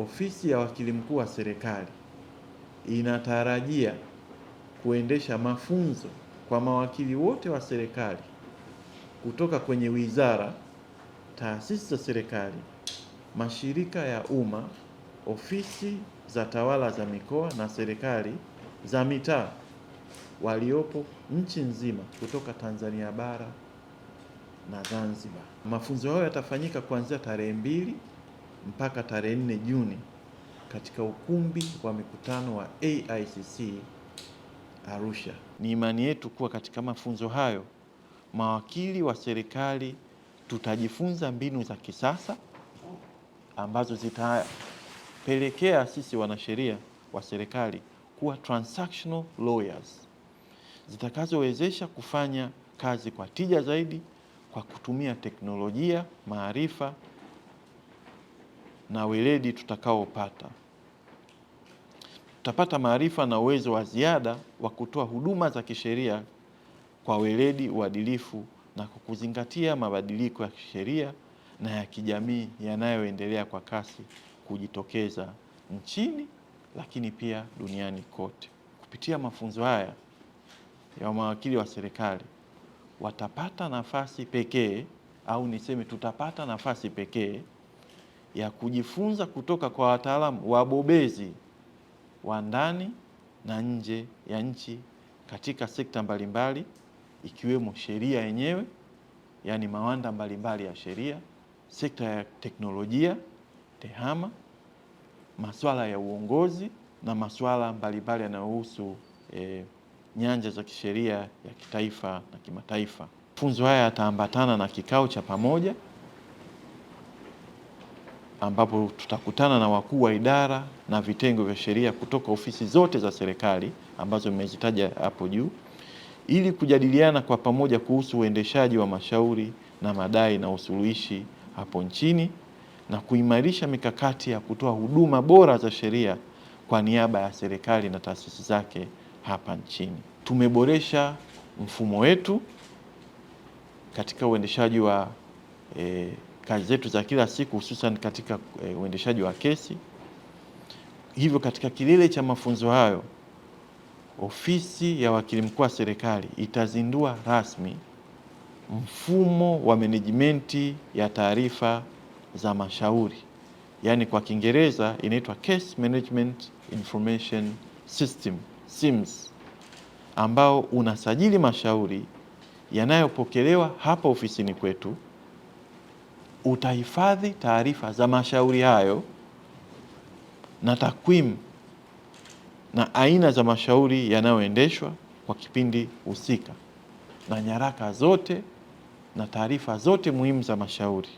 Ofisi ya Wakili Mkuu wa Serikali inatarajia kuendesha mafunzo kwa mawakili wote wa serikali kutoka kwenye wizara, taasisi za serikali, mashirika ya umma, ofisi za tawala za mikoa na serikali za mitaa waliopo nchi nzima kutoka Tanzania bara na Zanzibar. Mafunzo hayo yatafanyika kuanzia tarehe mbili mpaka tarehe 4 Juni katika ukumbi wa mikutano wa AICC Arusha. Ni imani yetu kuwa katika mafunzo hayo mawakili wa serikali tutajifunza mbinu za kisasa ambazo zitapelekea sisi wanasheria wa serikali kuwa transactional lawyers zitakazowezesha kufanya kazi kwa tija zaidi kwa kutumia teknolojia, maarifa na weledi tutakaopata. Tutapata maarifa na uwezo wa ziada wa kutoa huduma za kisheria kwa weledi, uadilifu na kwa kuzingatia mabadiliko ya kisheria na ya kijamii yanayoendelea kwa kasi kujitokeza nchini lakini pia duniani kote. Kupitia mafunzo haya ya mawakili wa serikali watapata nafasi pekee au niseme tutapata nafasi pekee ya kujifunza kutoka kwa wataalamu wabobezi wa ndani na nje ya nchi katika sekta mbalimbali ikiwemo sheria yenyewe, yaani mawanda mbalimbali ya sheria, sekta ya teknolojia TEHAMA, masuala ya uongozi na masuala mbalimbali yanayohusu e, nyanja za kisheria ya kitaifa na kimataifa. Mafunzo haya yataambatana na kikao cha pamoja ambapo tutakutana na wakuu wa idara na vitengo vya sheria kutoka ofisi zote za serikali ambazo nimezitaja hapo juu ili kujadiliana kwa pamoja kuhusu uendeshaji wa mashauri na madai na usuluhishi hapo nchini na kuimarisha mikakati ya kutoa huduma bora za sheria kwa niaba ya serikali na taasisi zake hapa nchini. Tumeboresha mfumo wetu katika uendeshaji wa eh, kazi zetu za kila siku, hususan katika e, uendeshaji wa kesi. Hivyo katika kilele cha mafunzo hayo, ofisi ya wakili mkuu wa serikali itazindua rasmi mfumo wa menejimenti ya taarifa za mashauri, yaani kwa Kiingereza inaitwa Case Management Information System SIMS, ambao unasajili mashauri yanayopokelewa hapa ofisini kwetu utahifadhi taarifa za mashauri hayo na takwimu na aina za mashauri yanayoendeshwa kwa kipindi husika na nyaraka zote na taarifa zote muhimu za mashauri.